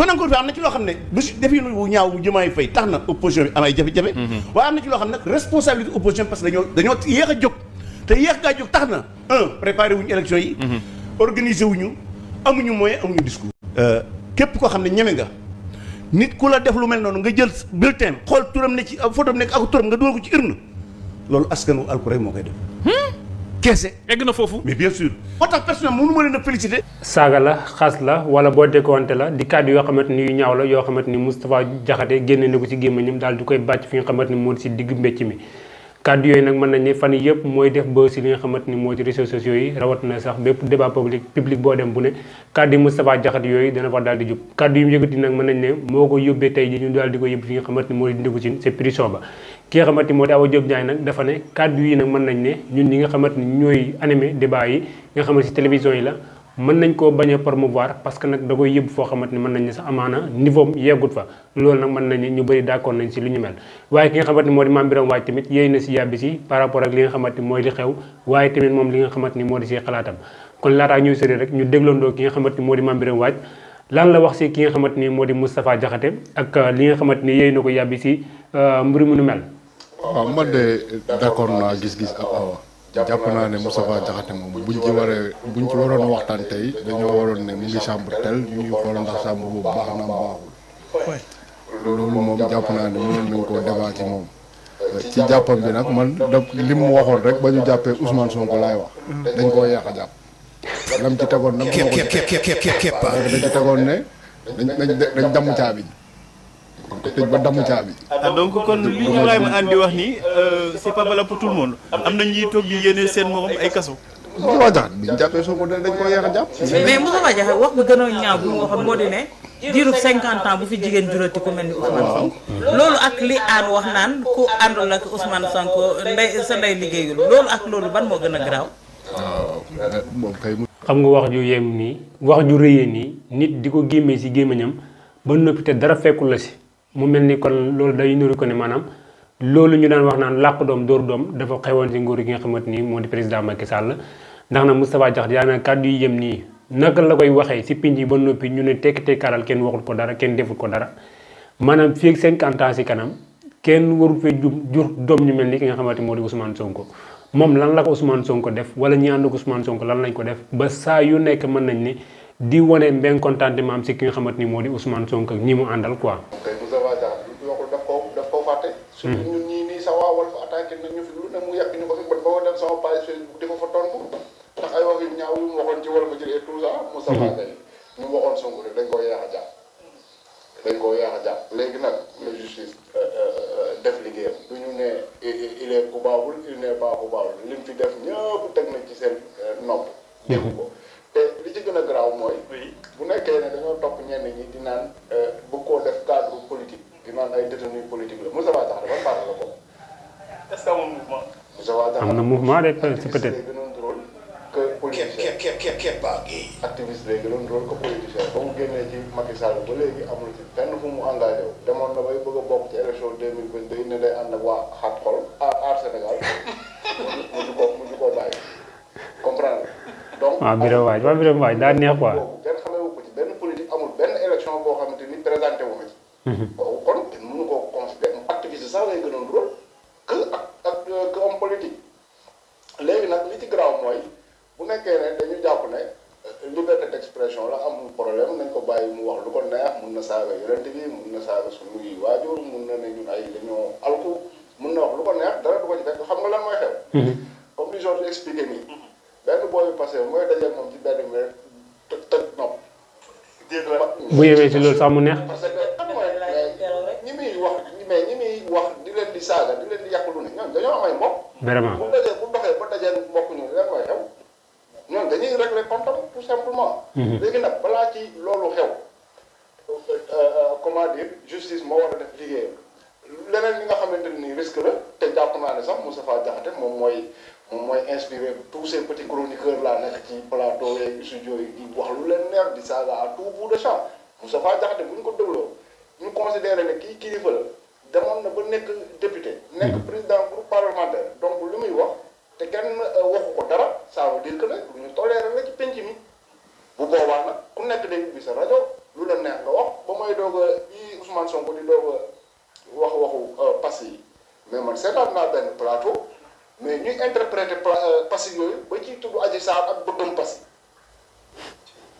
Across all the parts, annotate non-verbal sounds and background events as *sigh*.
kon encore bi am na ci loo xam ne du si def wu ñaaw mu jëmaay fay tax na opposition bi am ay jafe-jafe mhm. waaye am na ci loo xam ne nag responsabilité opposition parce que dañoo dañoo a jóg te yéex gaa jóg tax na un préparé wuñu élection yi mhm. organiser wuñu amuñu mooy amuñu discours euh, képp koo xam ne ñeme nga nit ku la def lu mel noonu nga jël bulletin xool turam ne ci photom nekk ak turam nga dugal ko ci urne loolu askanu alku rek moo koy def hmm? kese. egg na foofu mais bien sûr. moo tax personnel mënu ma leen a féliciter. saaga la xas la wala boo décompté la di kàddu yoo xamante ni yu ñaaw la yoo xamante ni Moustapha Diakhaté génne na ko ci gémmiñam daal di koy bàcc fi nga xamante ni moo di si diggu mbécc mi. kàddu yooyu nag mën nañ ne ni moo ci réseaux sociaux yi rawat na sax bépp débat public public boo dem bu ne kàddu yi Moustapha Diakhaté yooyu dana fa daal di jub kàddu yi mu yëkkati nag mën nañ ne moo ko yóbbee tey ji ñu daal ko yóbbu fi nga xamante ni moo di dindi ko ki nga xamante ni moo di Awa Diop Diagne nañ ne ñun ñi nga xamante ni ñooy animé débat yi nga xamante si télévision yi la mën nañ koo bañ a promouvoir parce que nag da koy yëbb xamante ni mën nañ ne sa amaana niveau am yeggut fa loolu nag mën nañ ne ñu bëri d'accord nañ si lu ñu mel waaye ki nga xamante ni moo di Mame Birame Wathie tamit yéey na si yàbbi si par rapport ak li nga xamante ni mooy li xew waaye tamit moom li nga xamante moo di si xalaatam kon laataa ki nga xamante ni moo di Mame Birame Wathie lan la wax si ki nga xamante ni moo di Moustapha Diakhaté ak li nga xamante ni yéey na ko yàbbi si mbir mu nu mel waaw man de d'accord naa gis-gis a Awa jàpp naa ne Moustapha Diakhaté moom buñ ci waroon a waxtaan tey dañoo waroon ne mu ngi chambre tel ñu ngi xool ndax chambre boobu baax na baaxul loolu moom jàpp naa ne mu nañ koo débat ci moom ci jàppam bi nag man da li mu waxoon rek ba ñu jàppee Ousmane Sonko laay wax dañ koo yàq a jàpp lam ci tegoon nag képp képp képp képp képp dañ dañ damm caabi te tëj ba damm caabi. ah donc kon wax ni euh, c'est pas valable pour tout le am na ñuy toog yéene seen morom ay kaso. Moustapha Diakhaté bi ñu jàppee Sonko dañ ko yeex a jàpp. mais Moustapha Diakhaté wax bi gënoon ñaaw bu mu waxoon moo di ne diirub 50 ans bu fi jigéen juróoti ku mel ni Ousmane Sonko. loolu ak li aan wax naan ku àndul ak Ousmane Sonko ndey sa ndey liggéeyul loolu ak loolu ban moo gën a garaaw. waaw xam nga wax ju yem nii wax ju rëyee nii nit di ko gémmee si gémmiñam ba noppi te dara fekkul la si. mu melni kon lolou day nuru ko ne manam lolou ñu daan wax naan làq dom dor dom dafa xewon ci nguur gi nga xamanteni ni moo di président Macky Sall ndax na Moustapha Diakh yaa na kàddu yi yëm ni naka la koy waxe ci pinc ba nopi ñu ne tek karal kenn waxul ko dara kenn deful ko dara manam fi 50 ans ci kanam kenn waru fe jur dom ñu melni ki nga xamanteni moo di Ousmane Sonko mom lan la ko Ousmane Sonko def wala ñaan ko Ousmane Sonko lan lañ ko def ba sa yu nekk mën nañ ni di wone ben contenté mam ci ki nga xamanteni modi Ousmane Sonko ak ñi mu andal quoi kay bu zawa da waxul daf ko daf ko faté suñu ñun ñi ni sa wawal fa attaqué ñu fi lu na mu yak ñu ko fi dem sama page Facebook fa tontu tax ay ñaaw waxon ci wal ko tout ça mu sa hmm. waxon euh, euh, euh, il est pas oui bu nekkee ne dañoo topp ñenn ñi di naan euh, bëgg koo def cadre politique di ay détenu politique la Moussa Wade ba mu génnee ci Macky ba léegi amul ci fenn fu mu engagé wu. demoon na bay bëgg a bokk ci élection deux mille vingt deux ne waa xat xol aar aar Sénégal mujj ko koo bàyyi comprendre donc. waaw Birame Wathie waaw Birame Wathie neex quoi. présenté wu ma ci. Mhm. waaw kon kenn mënu koo considéré activiste sax lay gënoon rôle que ak ak que homme politique léegi nag li ci garaaw mooy bu nekkee ne dañu jàpp ne euh, liberté d'expression la amul problème nañ ko bàyyi mu wax lu ko neex mun na saaga yonent bi mun na saaga suñuy waajur mun na ne ñun ay dañoo alku mun na wax lu ko neex dara du ko ci fekk xam nga lan mooy xew. Mhm. bu yewé ci lool sax mu neex parce que ñi muy wax mais ñi muy wax di leen di saaga di leen di yàq lu ne ñoom dañoo am ay mbokk vraiment bu dajee bu doxee ba mbokk ñu xew dañuy régler compte tout simplement ci loolu xew comment dire justice moo war def liggéeyam leneen li nga xamante ni risque la te jàpp naa ne sax Moustapha Diakhaté moom mooy moom mooy inspiré tous ces petits chroniqueurs là nekk ci plateau yeeg studio yi di wax lu leen neex di saaga à tout bout de champ Moustapha Diakhaté bu ñu ko loo ñu considéré ne kii kilifa la demoon na ba nekk député. nekk mhm. président groupe parlementaire. donc lu muy wax te kenn euh, waxu ko dara ça veut dire que nag lu ñu toléré la ci penc mi bu boobaa nag ku nekk day ubbi sa rajo lu la neex nga wax ba may doog a yi Ousmane di doog a wax waxu euh, pass yi mais man seetaan naa benn plateau mais ñuy interpréter euh, pass yooyu ba ciy tudd Adji Sarr ak bëggam pass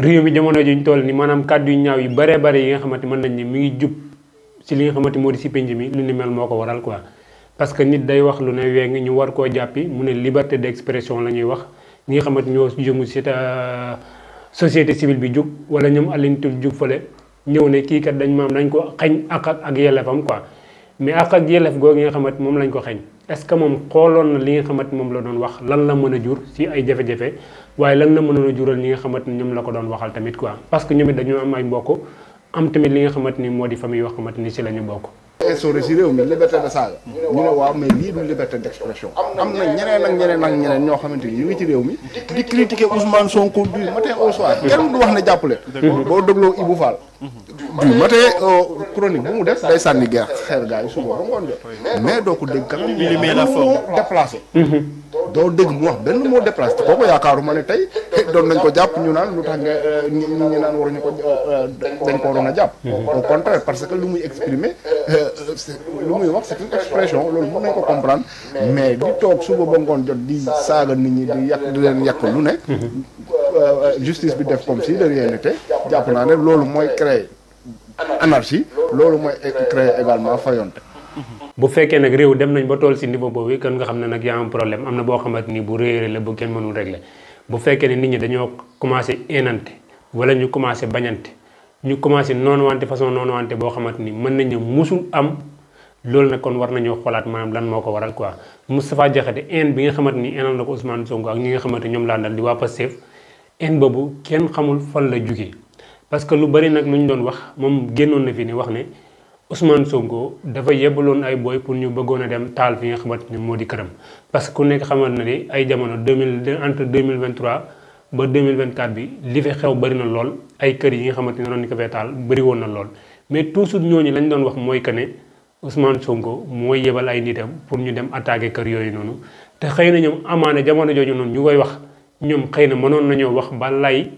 réew mi jamono juñ toll ni manam kaddu yu ñaaw yu bare bare yi nga xamante man nañ ni mi ngi jup ci li nga xamante modi ci penj mi lu ni mel moko waral quoi parce que nit day wax lu ne weng ñu war ko jappi mu ne liberté d'expression expression la wax ñi nga xamante ñoo ci ta euh, société civile bi juk wala ñom alintul juk fele ñew ne ki kat dañ maam dañ ko xagn ak ak yelefam quoi mais ak ak yelleef googu nga xamante moom lañ ko xeeñ est-ce que moom xooloon na li nga xamante moom la doon wax lan la mën a jur ci ay jafe-jafe waaye lan la mënoon a jural ñi nga xamante ni ñoom la ko doon waxal tamit quoi parce que ñoom it dañoo am ay mbokk am tamit li nga xamante ni moo di famille yoo xamante ni ci la ñu bokk. instauré ci du liberté d'expression am na ñeneen ak ñeneen ak ñeneen ñoo xamante ni ñu ci réew mi di critiquer Ousmane Sonko du matin au kenn du wax ne jàppale du matin euh, chronique bu mu def day sànni geer xeer gars yi suba ba ngoon jot mais doo ko dégg kanam mu déplacé mhm. doo dëgg mu wax benn moo déplacé te kooku yaakaaruma ne tey *laughs* doon nañ ko jàpp ñu naan lu tax nga euh, ñu ñu naan waruñu ko euh, dañ ko waroon a jàpp mhm. au contraire parce que lu muy exprimer lu muy wax c'est une expression loolu mën nañ ko comprendre mais di toog suba ba ngoon jot di saaga nit ñi di yàq di leen yàq lu ne mhm. justice bi def comme si de rien n'était jàpp naa ne loolu mooy créer anarchie loolu mooy créer bu fekkee nag réew dem nañ ba tool si niveau boobu kon nga xam ne nag yaa am problème am na boo xamante ni bu réeré la bu kenn mënul régler bu fekkee ne nit ñi dañoo commencé énante wala ñu commencé bañante ñu commencé noonu wante façon noonu wante boo xamante ni mën nañ nañu musul am loolu nag kon war nañoo xoolaat maanaam lan moo ko war a waral quoi Moustapha Diakhaté haine bi nga xamante ni haine na ko Ousmane Sonko ak ñi nga xamante ñoom laa dal di waa Pastef haine boobu kenn xamul fan la jógee parce que lu bari nag lu ñu doon wax moom génnoon na fii ni wax ne Ousmane Sonko dafa yebaloon ay booy pour ñu bëggoon a dem taal fi nga xamante ni moo di këram parce que ku nekk xamal na ni ay jamono deux mille entre deux mille vingt trois ba deux mille vingt quatre bi li fi xew bari na lool ay kër yi nga xamante ne noonu ñu ko fee taal bari woon na lool mais toujours ñooñu lañ doon wax mooy que ne Ousmane Sonko mooy yebal ay nitam pour ñu dem attaquer kër yooyu noonu te xëy na ñoom amaana jamono jooju noonu ñu koy wax ñoom xëy na mënoon nañoo wax ba lay.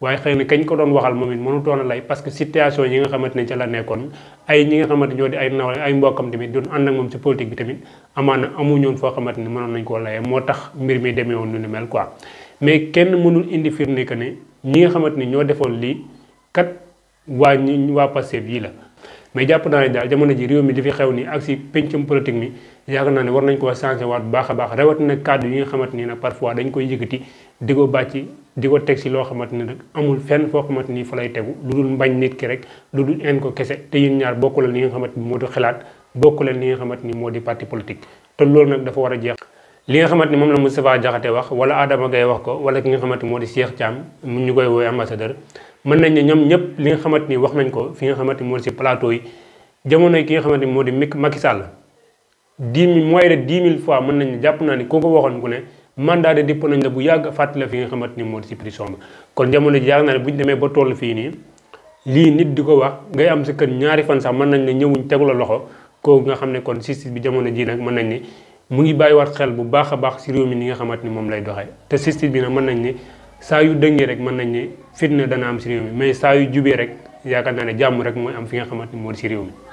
waaye xëy na kañ ko doon waxal moom it mënutoon a lay parce que situation yi nga xamante ne ca la nekkoon ay ñi nga xamante ñoo di ay nawle ay mbokkam tamit doon ànd ak moom ci politique bi tamit amaana amuñoon foo xamante ni mënoon nañ koo layee moo tax mbir mi demee woon nu ni mel quoi mais kenn mënul indi firnde que ne ñi nga xamante ni ñoo defoon lii kat waa ñi waa Pastef yii la mais jàpp naa ne daal jamono ji réew mi li fi xew nii ak si pencum politique mi yaakaar naa ne war nañ koo changé waat bu baax a baax rawatina kàddu yi nga xamante ni nag parfois dañ ko bàcc di ko teg si loo xamante ni nag amul fenn foo xamante ni fa lay tegu lu dul mbañ nit ki rek lu dul en ko kese te yéen ñaar bokku leen li nga xamante ni moo di xalaat bokku leen li nga xamante ni moo di parti politique loolu nag a jeex li nga xamante moom la Moustapha Diakhaté wax wala Adama Gaye wax ko wala ki nga xamante ni moo di Cheikh caam mu ñu koy woowee ambassadeur mën nañ ne ñoom ñëpp li nga xamante ni wax nañ ko fi nga xamante ni moo si plateau yi jamono yi ki nga xamante ni moo di Macky Sall dix mille mooy de dix mille fois mën nañ jàpp naa ni koo ko waxoon ku ne mandat de dépôt nañ la bu yàgg fàttali la fi nga xamante ni moo di si prison ba kon jamono ji bu ñu demee ba toll fii nii lii nit di ko wax ngay am sa ñaari fan sax mën nañ ne ñëwuñ tegu loxo kooku nga xam ne kon justice bi jamono ji nag mën nañ ni mu ngi bàyyiwaat xel bu baax a baax si réew mi ni nga xamante ni moom lay doxee te justice bi nag mën nañ ni saa yu dëngee rek mën nañ ne fitna dana am si réew mi mais saa yu jubee rek yaakaar naa ne jàmm rek mooy am fi nga xamante ni moo di si réew mi